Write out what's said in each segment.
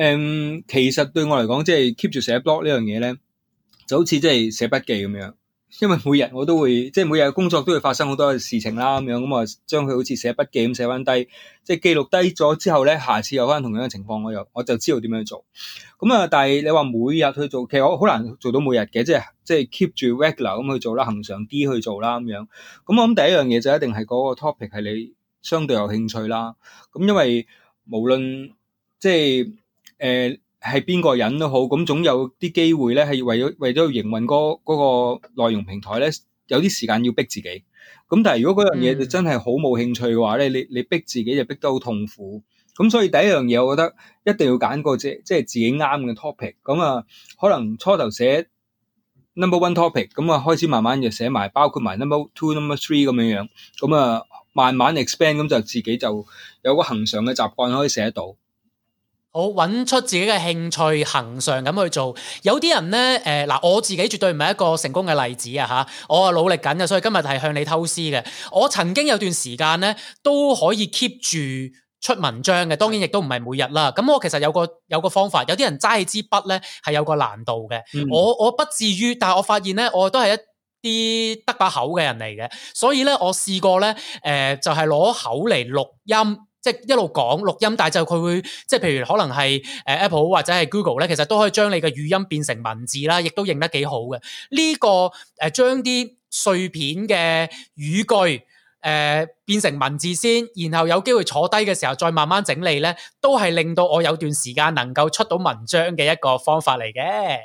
Um, 其實對我嚟講，即係 keep 住寫 blog 呢樣嘢咧，就好似即係寫筆記咁樣，因為每日我都會，即係每日工作都會發生好多嘅事情啦，咁樣咁啊，將佢好似寫筆記咁寫翻低，即係記錄低咗之後咧，下次有翻同樣嘅情況，我又我就知道點樣去做。咁、嗯、啊，但係你話每日去做，其實我好難做到每日嘅，即係即係 keep 住 regular 咁去做啦，恒常啲去做啦，咁樣。咁我諗第一樣嘢就一定係嗰個 topic 係你相對有興趣啦。咁因為無論即係。誒係邊個人都好，咁總有啲機會咧，係為咗為咗營運嗰嗰個內容平台咧，有啲時間要逼自己。咁但係如果嗰樣嘢你真係好冇興趣嘅話咧、嗯，你你逼自己就逼得好痛苦。咁所以第一樣嘢，我覺得一定要揀個即即係自己啱嘅 topic。咁啊，可能初頭寫 number one topic，咁啊開始慢慢就寫埋包括埋 number two、number three 咁樣樣。咁啊慢慢 expand，咁就自己就有個恒常嘅習慣可以寫得到。好，揾出自己嘅興趣，恒常咁去做。有啲人呢，誒，嗱，我自己絕對唔係一個成功嘅例子啊，吓，我係努力緊嘅，所以今日係向你偷師嘅。我曾經有段時間呢，都可以 keep 住出文章嘅，當然亦都唔係每日啦。咁我其實有個有個方法，有啲人揸起支筆呢係有個難度嘅，嗯。我我不至於，但係我發現呢，我都係一啲得把口嘅人嚟嘅，所以呢，我試過呢，誒、呃，就係、是、攞口嚟錄音。即、就、係、是、一路講錄音，但係就佢會即係譬如可能係誒 Apple 或者係 Google 咧，其實都可以將你嘅語音變成文字啦，亦都認得幾好嘅。呢、這個誒將啲碎片嘅語句誒、呃、變成文字先，然後有機會坐低嘅時候再慢慢整理咧，都係令到我有段時間能夠出到文章嘅一個方法嚟嘅。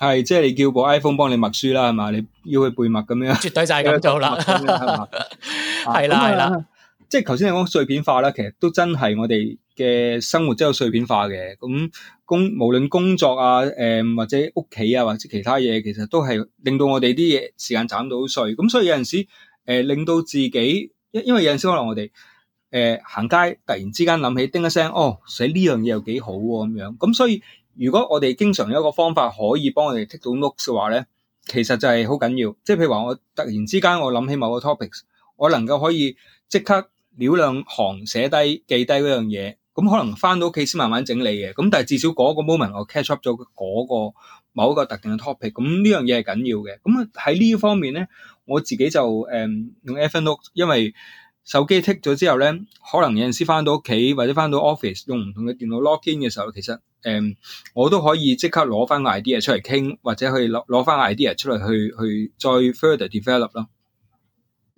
係即係你叫部 iPhone 幫你默書啦，係嘛？你要去背默咁樣？絕對就係咁做啦，係啦，係啦。即係頭先你講碎片化啦，其實都真係我哋嘅生活真係碎片化嘅。咁工無論工作啊，誒、呃、或者屋企啊，或者其他嘢，其實都係令到我哋啲嘢時間斬到碎。咁所以有陣時，誒、呃、令到自己，因因為有陣時可能我哋，誒、呃、行街突然之間諗起叮一聲，哦，寫呢樣嘢又幾好喎、啊、咁樣。咁所以如果我哋經常有一個方法可以幫我哋 tick 到 note 嘅話咧，其實就係好緊要。即係譬如話我突然之間我諗起某個 topics，我能夠可以即刻。兩行寫低記低嗰樣嘢，咁可能翻到屋企先慢慢整理嘅，咁但係至少嗰個 moment 我 catch up 咗嗰個某一個特定嘅 topic，咁呢樣嘢係緊要嘅。咁喺呢方面咧，我自己就誒、嗯、用 Evernote，因為手機 tick 咗之後咧，可能有陣時翻到屋企或者翻到 office 用唔同嘅電腦 log in 嘅時候，其實誒、嗯、我都可以即刻攞翻個 idea 出嚟傾，或者去攞攞翻個 idea 出嚟去去再 further develop 咯。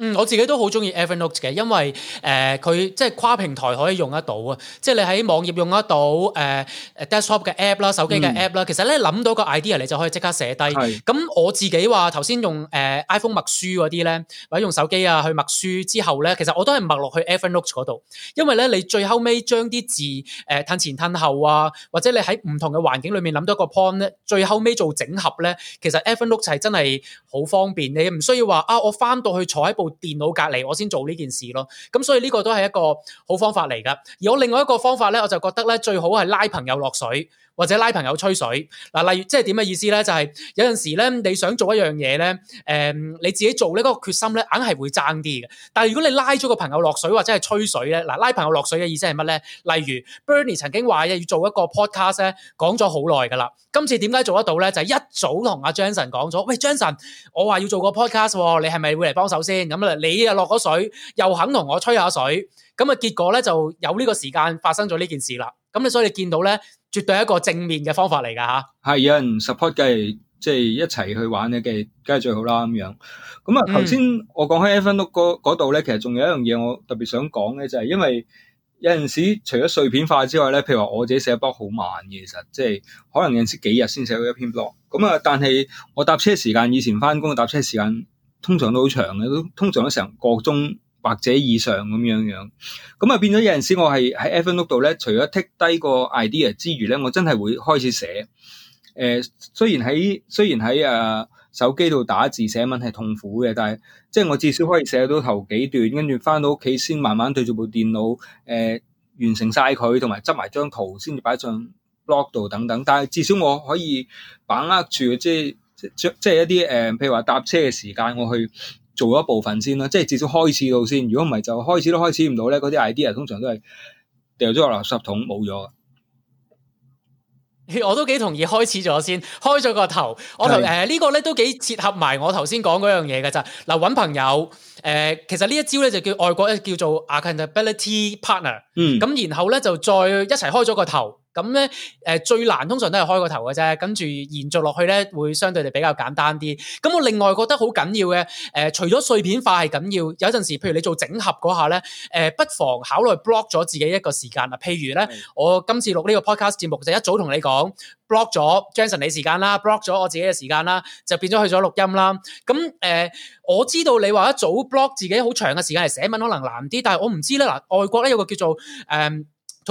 嗯，我自己都好中意 Evernote 嘅，因為誒佢，呃、即係跨平台可以用得到啊，即係你喺網頁用得到，誒誒 desktop 嘅 app 啦，手機嘅 app 啦，嗯，其實咧諗到個 idea 你就可以即刻寫低。咁，嗯、我自己話頭先用誒、呃、iPhone 默書嗰啲咧，或者用手機啊去默書之後咧，其實我都係默落去 Evernote 嗰度，因為咧你最後尾將啲字誒褪，呃、前褪後啊，或者你喺唔同嘅環境裏面諗到一個 point 咧，最後尾做整合咧，其實 Evernote 係真係好方便，你唔需要話啊我翻到去坐喺部。電腦隔離，我先做呢件事咯。咁所以呢個都係一個好方法嚟噶。有另外一個方法咧，我就覺得咧最好係拉朋友落水或者拉朋友吹水嗱。例如即係點嘅意思咧，就係、是、有陣時咧你想做一樣嘢咧，誒你自己做呢個個決心咧硬係會爭啲嘅。但係如果你拉咗個朋友落水或者係吹水咧，嗱拉朋友落水嘅意思係乜咧？例如 Bernie 曾經話要做一個 podcast 咧，講咗好耐噶啦。今次點解做得到咧？就係、是、一早同阿 Johnson 講咗，喂 Johnson，我話要做個 podcast，你係咪會嚟幫手先咁？你又落咗水，又肯同我吹下水，咁啊結果咧就有呢個時間發生咗呢件事啦。咁你所以你見到咧，絕對係一個正面嘅方法嚟噶吓。係有人 support 計，即係一齊去玩嘅，計梗係最好啦。咁樣，咁啊頭先我講開 Evernote 嗰度咧，其實仲有一樣嘢我特別想講嘅，就係、是、因為有陣時除咗碎片化之外咧，譬如話我自己寫 blog 好慢嘅，其實即係可能有陣時幾日先寫到一篇 blog。咁啊，但係我搭車時間，以前翻工搭車時間。通常都好長嘅，都通常都成個鐘或者以上咁樣樣。咁啊變咗有陣時，我係喺 Evernote 度咧，除咗剔低個 idea 之餘咧，我真係會開始寫。誒、呃，雖然喺雖然喺啊手機度打字寫文係痛苦嘅，但係即係我至少可以寫到頭幾段，跟住翻到屋企先慢慢對住部電腦誒、呃、完成晒佢，同埋執埋張圖先至擺上 blog 度等等。但係至少我可以把握住即係。即即係一啲誒、嗯，譬如話搭車嘅時間，我去做一部分先啦，即係至少開始到先。如果唔係就開始都開始唔到咧，嗰啲 idea 通常都係掉咗落垃圾桶冇咗。我都幾同意開始咗先，開咗個頭。我頭、呃這個、呢個咧都幾切合埋我頭先講嗰樣嘢嘅咋。嗱、呃、揾朋友誒、呃，其實呢一招咧就叫外國咧叫做 Accountability Partner。嗯，咁然後咧就再一齊開咗個頭。咁咧，誒最難通常都係開個頭嘅啫，跟住延續落去咧，會相對地比較簡單啲。咁我另外覺得好緊要嘅、呃，除咗碎片化係緊要，有陣時譬如你做整合嗰下咧，不妨考慮 block 咗自己一個時間嗱。譬如咧，我今次錄呢個 podcast 節目就一早同你講 block 咗 Jason 你時間啦，block 咗我自己嘅時間啦，就變咗去咗錄音啦。咁誒、呃，我知道你話一早 block 自己好長嘅時間嚟寫文可能難啲，但係我唔知咧嗱、呃，外國咧有個叫做、呃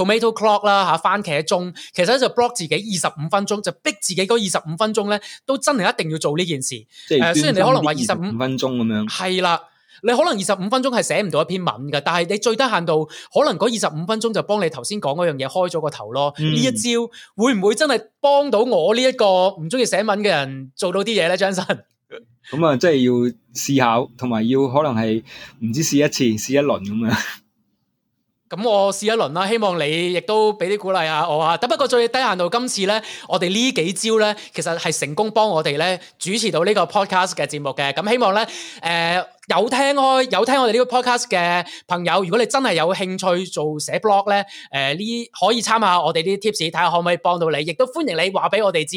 做 Tomato clock 啦嚇，番茄鐘，其實咧就 block 自己二十五分鐘，就逼自己嗰二十五分鐘咧都真係一定要做呢件事。誒，uh, 雖然你可能話二十五分鐘咁樣，係啦，你可能二十五分鐘係寫唔到一篇文嘅，但係你最低限度可能嗰二十五分鐘就幫你頭先講嗰樣嘢開咗個頭咯。呢、嗯、一招會唔會真係幫到我呢一個唔中意寫文嘅人做到啲嘢咧，張、嗯、生？咁 啊，即係要思考，同埋要可能係唔知試一次、試一輪咁樣。咁我試一輪啦，希望你亦都俾啲鼓勵下我啊！但不過最低限度今次咧，我哋呢幾招咧，其實係成功幫我哋咧主持到呢個 podcast 嘅節目嘅。咁希望咧，誒、呃、有聽開有聽我哋呢個 podcast 嘅朋友，如果你真係有興趣做寫 blog 咧，誒、呃、呢可以參考下我哋啲 tips，睇下可唔可以幫到你。亦都歡迎你話俾我哋知。